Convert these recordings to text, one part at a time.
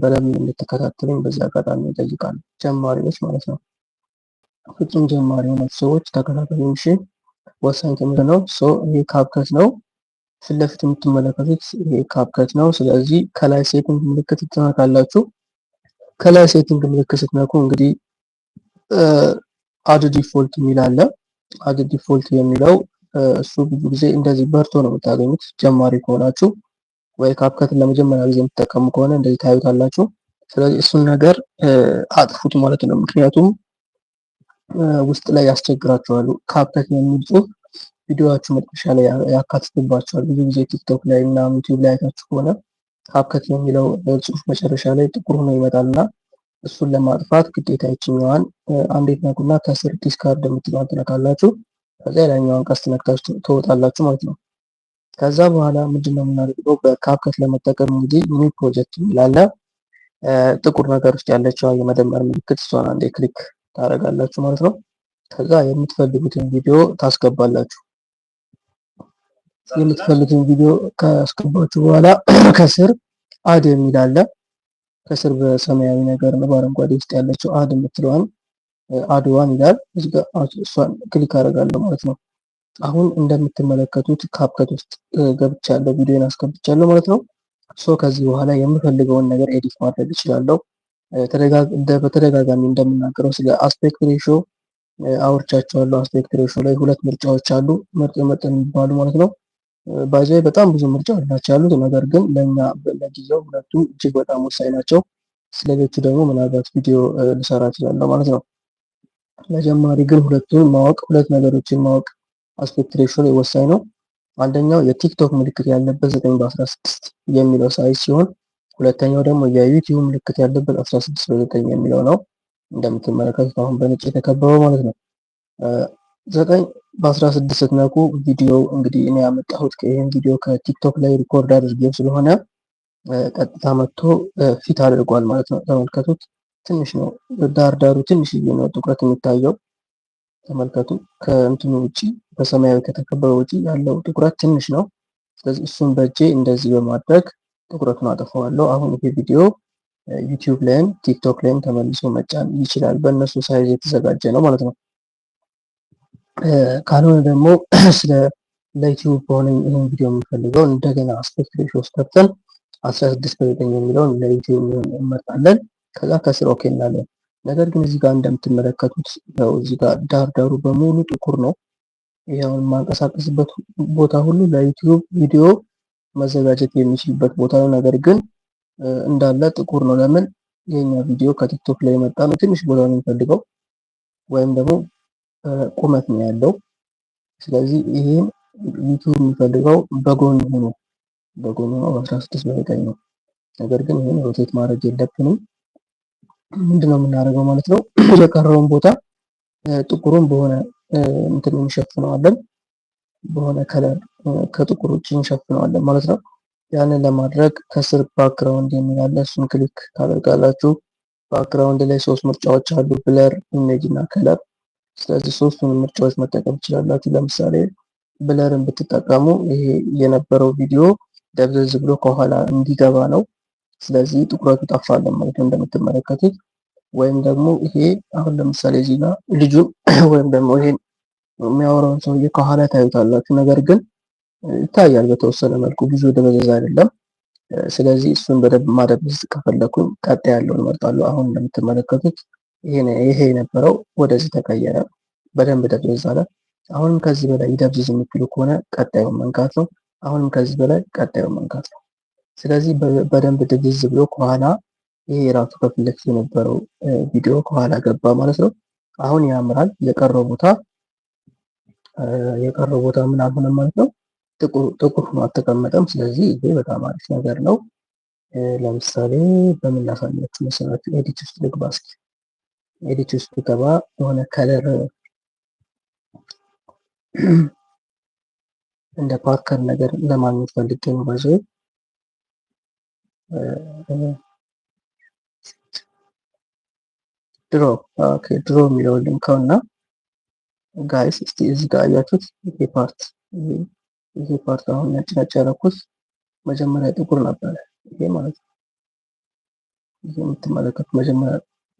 በደንብ እንድትከታተሉኝ በዚህ አጋጣሚ ይጠይቃሉ። ጀማሪዎች ማለት ነው። ፍጹም ጀማሪ የሆነች ሰዎች ተከታተሉ። እሺ ወሳኝ ትምህርት ነው። ይሄ ካብከት ነው። ፊት ለፊት የምትመለከቱት ይሄ ካብከት ነው። ስለዚህ ከላይ ሴቲንግ ምልክት ትነካላችሁ። ከላይ ሴቲንግ ምልክት ስትነኩ እንግዲህ አድ ዲፎልት የሚል አለ። አድ ዲፎልት የሚለው እሱ ብዙ ጊዜ እንደዚህ በርቶ ነው የምታገኙት ጀማሪ ከሆናችሁ ወይ ካፕከትን ለመጀመሪያ ጊዜ የምትጠቀሙ ከሆነ እንደዚህ ታዩታላችሁ። ስለዚህ እሱን ነገር አጥፉት ማለት ነው። ምክንያቱም ውስጥ ላይ ያስቸግራችኋሉ። ካፕከት የሚል ጽሁፍ ቪዲዮዎቹ መጥበሻ ላይ ያካትትባቸዋል። ብዙ ጊዜ ቲክቶክ ላይ እና ዩቲዩብ ላይ አይታችሁ ከሆነ ካፕከት የሚለው ጽሁፍ መጨረሻ ላይ ጥቁር ሆኖ ይመጣል እና እሱን ለማጥፋት ግዴታ ይችኛዋን አንዴት ነኩና ከስር ዲስካርድ የምትለዋን ትነካላችሁ። ከዚያ ላይኛዋን ቀስት ነክታችሁ ትወጣላችሁ ማለት ነው። ከዛ በኋላ ምንድን ነው የምናደርገው? በካፕከት ለመጠቀም እንግዲህ ኒው ፕሮጀክት የሚላለ ጥቁር ነገር ውስጥ ያለችው የመደመር ምልክት እሷን አንዴ ክሊክ ታደርጋላችሁ ማለት ነው። ከዛ የምትፈልጉትን ቪዲዮ ታስገባላችሁ። የምትፈልጉትን ቪዲዮ ካስገባችሁ በኋላ ከስር አድ የሚል አለ። ከስር በሰማያዊ ነገር ነው በአረንጓዴ ውስጥ ያለችው አድ የምትለዋን አድዋን ይላል። እሷን ክሊክ አደርጋለሁ ማለት ነው። አሁን እንደምትመለከቱት ካፕከት ውስጥ ገብቻለሁ፣ ቪዲዮን አስገብቻለሁ ማለት ነው። ሶ ከዚህ በኋላ የምፈልገውን ነገር ኤዲት ማድረግ እችላለሁ። በተደጋጋሚ እንደምናገረው ስለ አስፔክት አውርቻቸው አውርቻቸዋለሁ። አስፔክት ሬሾ ላይ ሁለት ምርጫዎች አሉ፣ ምርጥ መጠን የሚባሉ ማለት ነው። ባይዘ በጣም ብዙ ምርጫዎች ናቸው ያሉት፣ ነገር ግን ለእኛ ለጊዜው ሁለቱ እጅግ በጣም ወሳኝ ናቸው። ስለሌሎቹ ደግሞ ምናልባት ቪዲዮ ልሰራ ችላለሁ ማለት ነው። ለጀማሪ ግን ሁለቱን ማወቅ ሁለት ነገሮችን ማወቅ አስፔክት ሬሽዮ ወሳኝ ነው። አንደኛው የቲክቶክ ምልክት ያለበት 9 በ16 የሚለው ሳይዝ ሲሆን ሁለተኛው ደግሞ የዩቲዩብ ምልክት ያለበት 16 በ9 የሚለው ነው። እንደምትመለከቱት አሁን በነጭ የተከበበው ማለት ነው። ዘጠኝ በ16 ስትነኩ ቪዲዮ እንግዲህ እኔ ያመጣሁት ይህን ቪዲዮ ከቲክቶክ ላይ ሪኮርድ አድርጌው ስለሆነ ቀጥታ መጥቶ ፊት አድርጓል ማለት ነው። ተመልከቱት። ትንሽ ነው ዳርዳሩ ትንሽዬ ነው ትኩረት የሚታየው ተመልከቱ። ከእንትኑ ውጭ በሰማያዊ ከተከበበ ውጭ ያለው ትኩረት ትንሽ ነው። ስለዚህ እሱን በእጄ እንደዚህ በማድረግ ትኩረቱን አጠፋዋለሁ። አሁን ይሄ ቪዲዮ ዩቲዩብ ላይም ቲክቶክ ላይም ተመልሶ መጫን ይችላል። በእነሱ ሳይዝ የተዘጋጀ ነው ማለት ነው። ካልሆነ ደግሞ ስለ ለዩቲዩብ በሆነ ይህን ቪዲዮ የምንፈልገው እንደገና አስፔክት ሬሽዮ ውስጥ ከፍተን አስራ ስድስት በዘጠኝ የሚለውን ለዩቲዩብ እንመርጣለን። ከዛ ከስር ኦኬ እናለን። ነገር ግን እዚህ ጋር እንደምትመለከቱት ያው እዚህ ጋር ዳር ዳሩ በሙሉ ጥቁር ነው። ያው የማንቀሳቀስበት ቦታ ሁሉ ለዩቲዩብ ቪዲዮ መዘጋጀት የሚችልበት ቦታ ነው። ነገር ግን እንዳለ ጥቁር ነው። ለምን የኛ ቪዲዮ ከቲክቶክ ላይ የመጣ ነው። ትንሽ ቦታ ነው የሚፈልገው ወይም ደግሞ ቁመት ነው ያለው። ስለዚህ ይሄን ዩቲዩብ የሚፈልገው በጎን ሆኖ በጎን ሆኖ በ16 በዘጠኝ ነው። ነገር ግን ይህን ሮቴት ማድረግ የለብንም። ምንድነው የምናደርገው ማለት ነው። የቀረውን ቦታ ጥቁሩን በሆነ እንትን እንሸፍነዋለን፣ በሆነ ከለር ከጥቁር ውጭ እንሸፍነዋለን ማለት ነው። ያንን ለማድረግ ከስር ባክግራውንድ የሚላለ እሱን ክሊክ ታደርጋላችሁ። ባክግራውንድ ላይ ሶስት ምርጫዎች አሉ፣ ብለር፣ ኢሜጅ እና ከለር። ስለዚህ ሶስቱን ምርጫዎች መጠቀም ትችላላችሁ። ለምሳሌ ብለርን ብትጠቀሙ ይሄ የነበረው ቪዲዮ ደብዘዝ ብሎ ከኋላ እንዲገባ ነው። ስለዚህ ጥቁረቱ ጠፍቷለን ማለት ነው እንደምትመለከቱት። ወይም ደግሞ ይሄ አሁን ለምሳሌ እዚህ ጋር ልጁን ወይም ደግሞ ይሄን የሚያወራውን ሰውዬ ከኋላ ታዩታላችሁ። ነገር ግን ይታያል በተወሰነ መልኩ ብዙ ደበዘዝ አይደለም። ስለዚህ እሱን በደንብ ማደብዝ ከፈለኩኝ ቀጥ ያለውን እመርጣለሁ። አሁን እንደምትመለከቱት ይሄ የነበረው ወደዚህ ተቀየረ፣ በደንብ ደብዘዝ አለ። አሁንም ከዚህ በላይ ይደብዝዝ የምትሉ ከሆነ ቀጣዩን መንካት ነው። አሁንም ከዚህ በላይ ቀጣዩን መንካት ነው። ስለዚህ በደንብ ድግዝ ብሎ ከኋላ ይሄ የራሱ ከፊት ለፊት የነበረው ቪዲዮ ከኋላ ገባ ማለት ነው። አሁን ያምራል። የቀረው ቦታ የቀረው ቦታ ምን አልሆነም ማለት ነው፣ ጥቁር ሆኖ አልተቀመጠም። ስለዚህ ይሄ በጣም አሪፍ ነገር ነው። ለምሳሌ በምናሳያችሁ መሰላችሁ ኤዲት ውስጥ ልግባ እስኪ። ኤዲት ውስጥ ገባ የሆነ ከለር እንደ ፓርከር ነገር ለማግኘት ፈልጌ ነው ባይዘው ድሮ ድሮ የሚለው ልንከው እና ጋይስ እስቲ እዚህ ጋር ይሄ ፓርት ይሄ ፓርት አሁን ነጭ ነጭ ያለኩት መጀመሪያ ጥቁር ነበረ። ይሄ ማለት ነው። ይሄ መጀመሪያ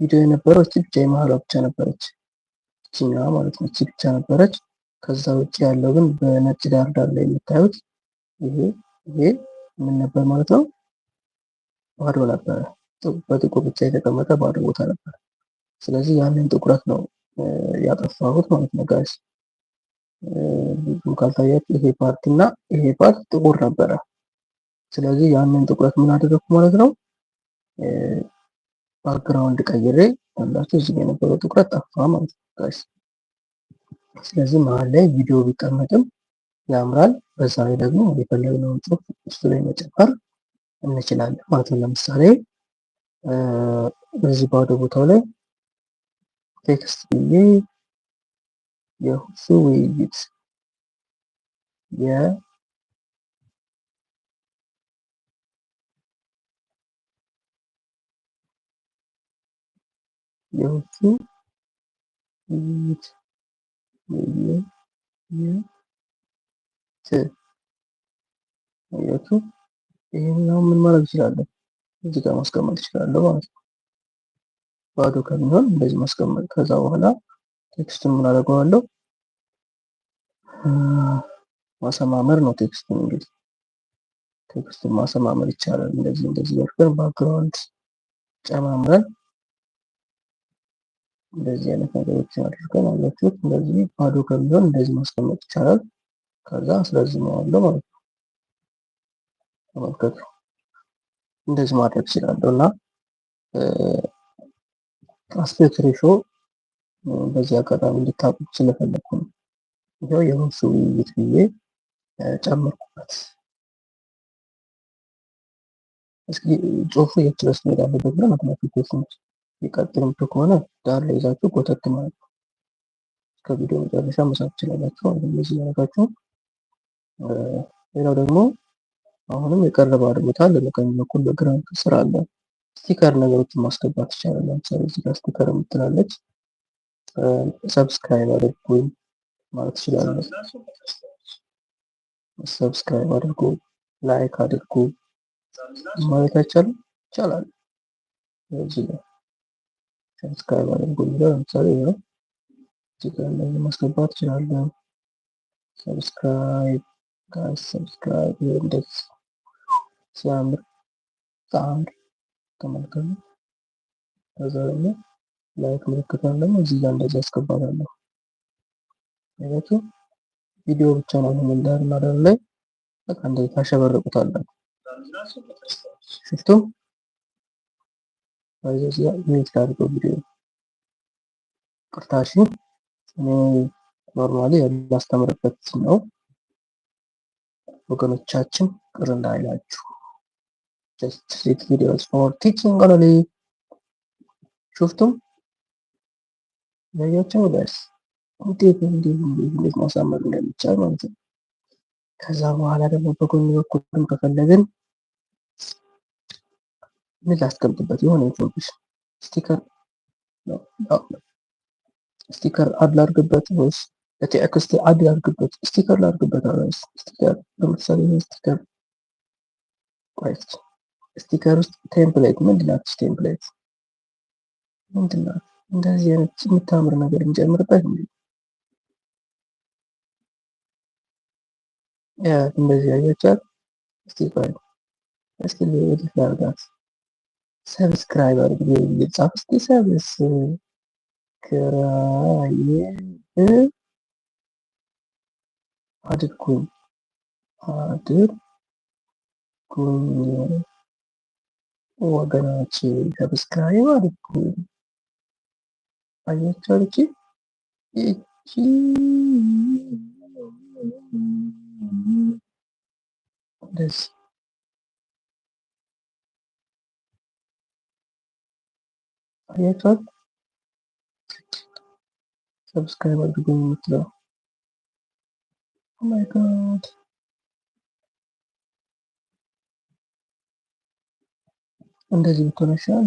ቪዲዮ የነበረው እቺ ብቻ የመሀሏ ብቻ ነበረች፣ እቺኛዋ ማለት ነው። እቺ ብቻ ነበረች። ከዛ ውጭ ያለው ግን በነጭ ዳር ዳር ላይ የምታዩት ይሄ ይሄ ምን ነበር ማለት ነው ባዶ ነበረ። በጥቁር ብቻ የተቀመጠ ባዶ ቦታ ነበረ። ስለዚህ ያንን ጥቁረት ነው ያጠፋሁት ማለት ነው ጋይስ። ብዙም ይሄ ፓርት እና ይሄ ፓርት ጥቁር ነበረ። ስለዚህ ያንን ጥቁረት ምን አደረግኩ ማለት ነው ባክግራውንድ ቀይሬ ያላችሁ እዚህ የነበረው ጥቁረት ጠፋ ማለት ነው ጋይስ። ስለዚህ መሀል ላይ ቪዲዮ ቢቀመጥም ያምራል። በዛ ላይ ደግሞ የፈለግነውን ጽሁፍ እሱ ላይ መጨመር እንችላለን ማለት ነው። ለምሳሌ በዚህ ባዶ ቦታው ላይ ቴክስት ብዬ የሁሱ ውይይት የሁሱ ውይይት ውይይት ይህን አሁን ምን ማድረግ እችላለሁ? እዚህ ጋር ማስቀመጥ እችላለሁ ማለት ነው። ባዶ ከሚሆን እንደዚህ ማስቀመጥ። ከዛ በኋላ ቴክስቱን ምን አደርገዋለሁ? ማሰማመር ነው ቴክስቱን። እንግዲህ ቴክስቱን ማሰማመር ይቻላል። እንደዚህ እንደዚህ አድርገን ባክግራውንድ ጨማምረን እንደዚህ አይነት ነገሮችን አድርገን አላችሁት። እንደዚህ ባዶ ከሚሆን እንደዚህ ማስቀመጥ ይቻላል። ከዛ ስለዚህ ነው ያለው ማለት ነው። ተመልከቱ። እንደዚህ ማድረግ ይችላለሁ እና አስፔክት ሬሾ በዚህ አጋጣሚ እንድታቁ ስለፈለግኩ ነው። ይኸው የሁንሱ ውይይት ብዬ ጨመርኩበት። እስኪ ጽሁፉ የትረስ ድረስ መሄድ አለበት ብለን አትማፊቴሽን የቀጥልም ከሆነ ዳር ላይ ይዛችሁ ጎተት ማለት ነው። እስከ ቪዲዮ መጨረሻ መሳት ትችላላችሁ። እዚህ ያደረጋችሁ ሌላው ደግሞ አሁንም የቀረበ አድርጎታ ለመቀኝ በኩል በግራንድ ስራ አለ። ስቲከር ነገሮችን ማስገባት ይቻላል። ለምሳሌ እዚህ ጋር ስቲከር የምትላለች ሰብስክራይብ አድርጉኝ ማለት ይችላለ። ሰብስክራይብ አድርጉ፣ ላይክ አድርጉ ማለት አይቻል ይቻላል። እዚህ ጋር ሰብስክራይብ አድርጉ የሚለው ለምሳሌ ነው። እንደዚህ ማስገባት ሰብስክራይብ ጋር ሰብስክራይብ እንደዚህ ሲያምር ተአምር ተመልከቱ። ከዛ ደግሞ ላይክ ምልክቷን ደግሞ እዚህ ጋር እንደዚህ አስገባታለሁ። አይነቱ ቪዲዮ ብቻ ነው ምን ዳር ማዳር ላይ በቃ እንደዚህ ታሸበርቁታለን። ሽፍቱ ባይዘስ ሚት ካርጎ ቪዲዮ ቅርታሽ እኔ ኖርማሊ ያላስተምርበት ነው ወገኖቻችን ቅር እንዳይላችሁ Just six videos for teaching only. شفتم؟ ያያቸው ደርስ እንዴት እንዲህ እንዴት ማሳመር እንደሚቻል ማለት ነው። ከዛ በኋላ ደግሞ በጎን በኩልም ከፈለግን ምን ላስቀምጥበት የሆነ ኢንፎርሜሽን ስቲከር ስቲከር አድ ላድርግበት ወይስ ለቴክስት አድ ላድርግበት? ስቲከር ላድርግበት። ስቲከር ለምሳሌ ስቲከር ራይት ስቲከር ውስጥ ቴምፕሌት ምንድናት? ቴምፕሌት ምንድናት? እንደዚህ አይነት የምታምር ነገር እንጨምርበት እንዴ! እንደዚህ ያያቻል። እስቲ ቆይ እስቲ ለዚህ ላርጋት። ሰብስክራይብ አድርጉ ይጻፍ እስቲ ሰብስክራይብ አድርጉ አድርጉ Vodaci subscriverku പയ്യച്ചോടിക്ക് This. പയ്യച്ചോട് subscribe to go with the oh my god እንደዚህ ብትሆን ይሻላል።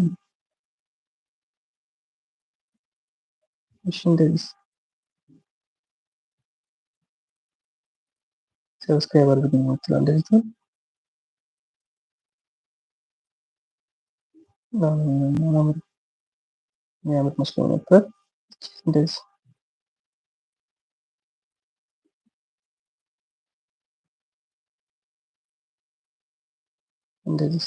እሺ እንደዚህ ሰብስክራይብ አድርጉኝ ማለት እንደዚህ ትሆን የሚያምር መስሎ ነበር። እንደዚህ እንደዚህ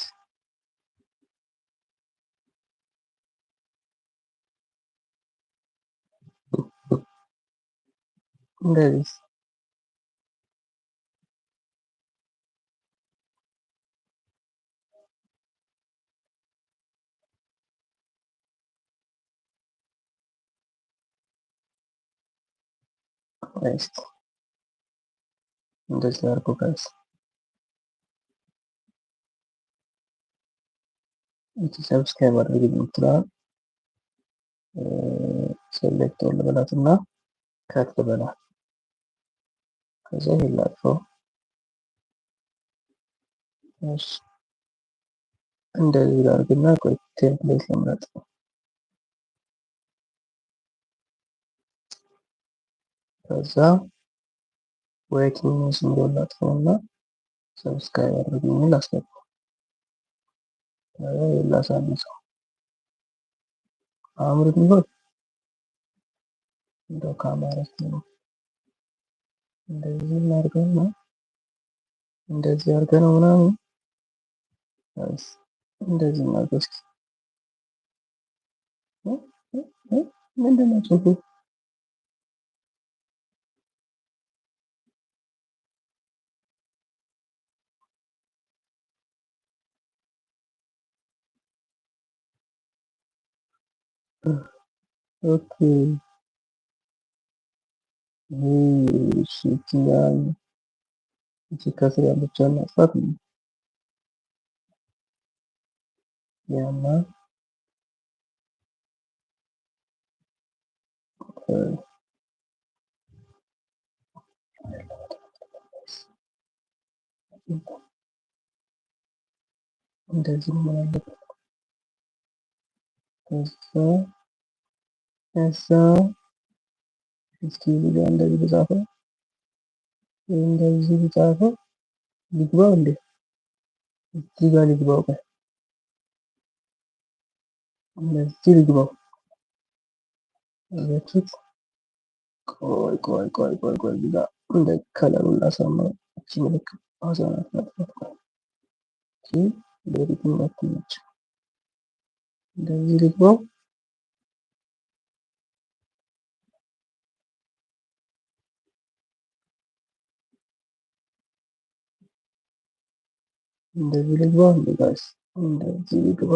இந்த guys this largo guys ఇది subscriber ఇది మిత్రుల సెలెక్ట్ ఉండబడుతుందా కట్ బడా ከዛ ይሄን ላጥፈው። እሺ እንደዚህ ላድርግና ቆይ ቴምፕሌት ልምረጥ። ከዛ ወይኪን የሚለውን ላጥፈውና ሰብስክራይብ አድርጉ የሚል አስገባው። ከዛ ይሄን ላሳንሰው። አምር ቢሆን እንደው ካማረት ነው እንደዚህ እናድርገው ነው እንደዚህ አድርገን ነው ምናምን እንደዚህ እናድርገው እስኪ። ምንድን ነው ጽሑፉ? ኦኬ Mushikiwamo gikazirambidzana farm nyama እንደዚህ ከዛ ከዛ እስኪ እዚህ ጋር እንደዚህ ብጻፈው እንደዚህ ብጻፈው ልግባው እንዴ? እዚህ ጋር ልግባው ጋር እንደዚህ ልግባው። አያችሁት? ቆይ ቆይ ቆይ ቆይ ቆይ እዚህ ጋር እንደ ከለሩን ላሳምረው። እቺ ምልክት አሳናት ማለት እቺ ለሪት ምልክት እንደዚህ ልግባው እንደዚህ ልግባ ጋይስ፣ እንደዚህ ልግባ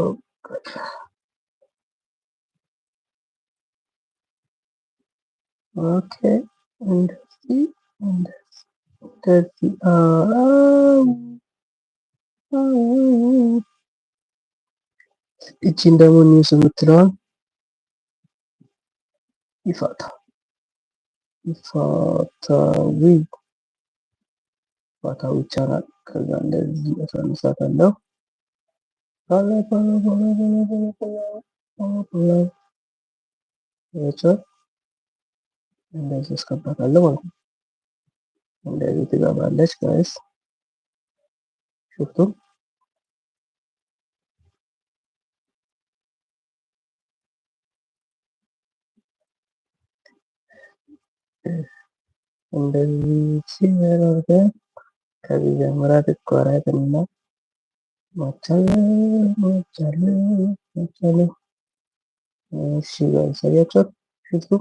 ኦኬ። እንደዚህ እንደዚህ እቺን ደግሞ ኒውስ የምትለዋል ይፋታ ይፋታዊ ይፋታዊ ይቻላል። ከዛ እንደዚህ አሳንሳታለሁ። እንደዚህ አስገባታለሁ ማለት ነው። እንደዚህ ትገባለች ጋይስ ሽፍቱ እንደዚህ ሲመረርገን కవి జమరాకి కొరాయి తిన్నా మచ్చలు మచ్చలు మచ్చలు శివాజీ సరి ఒకసారి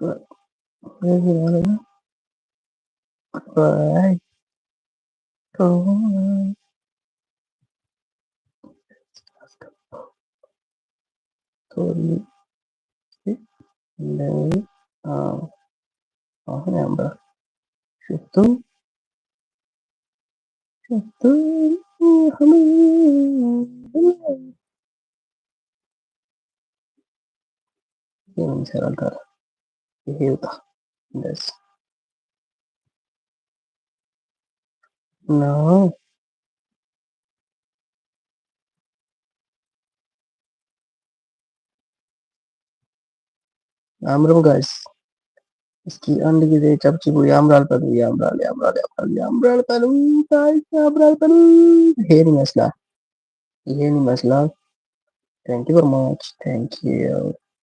Good. Where's the other one? Right. Go. Sorry. Lay. Oh, remember. No. ఆమ్రం గాయస్ इसकी अंडे की चपची को यामराल पहलू यामराल यामराल यामराल यामराल पहलू गाइस यामराल पहलू ये नहीं मसला ये नहीं मसला thank you for much thank you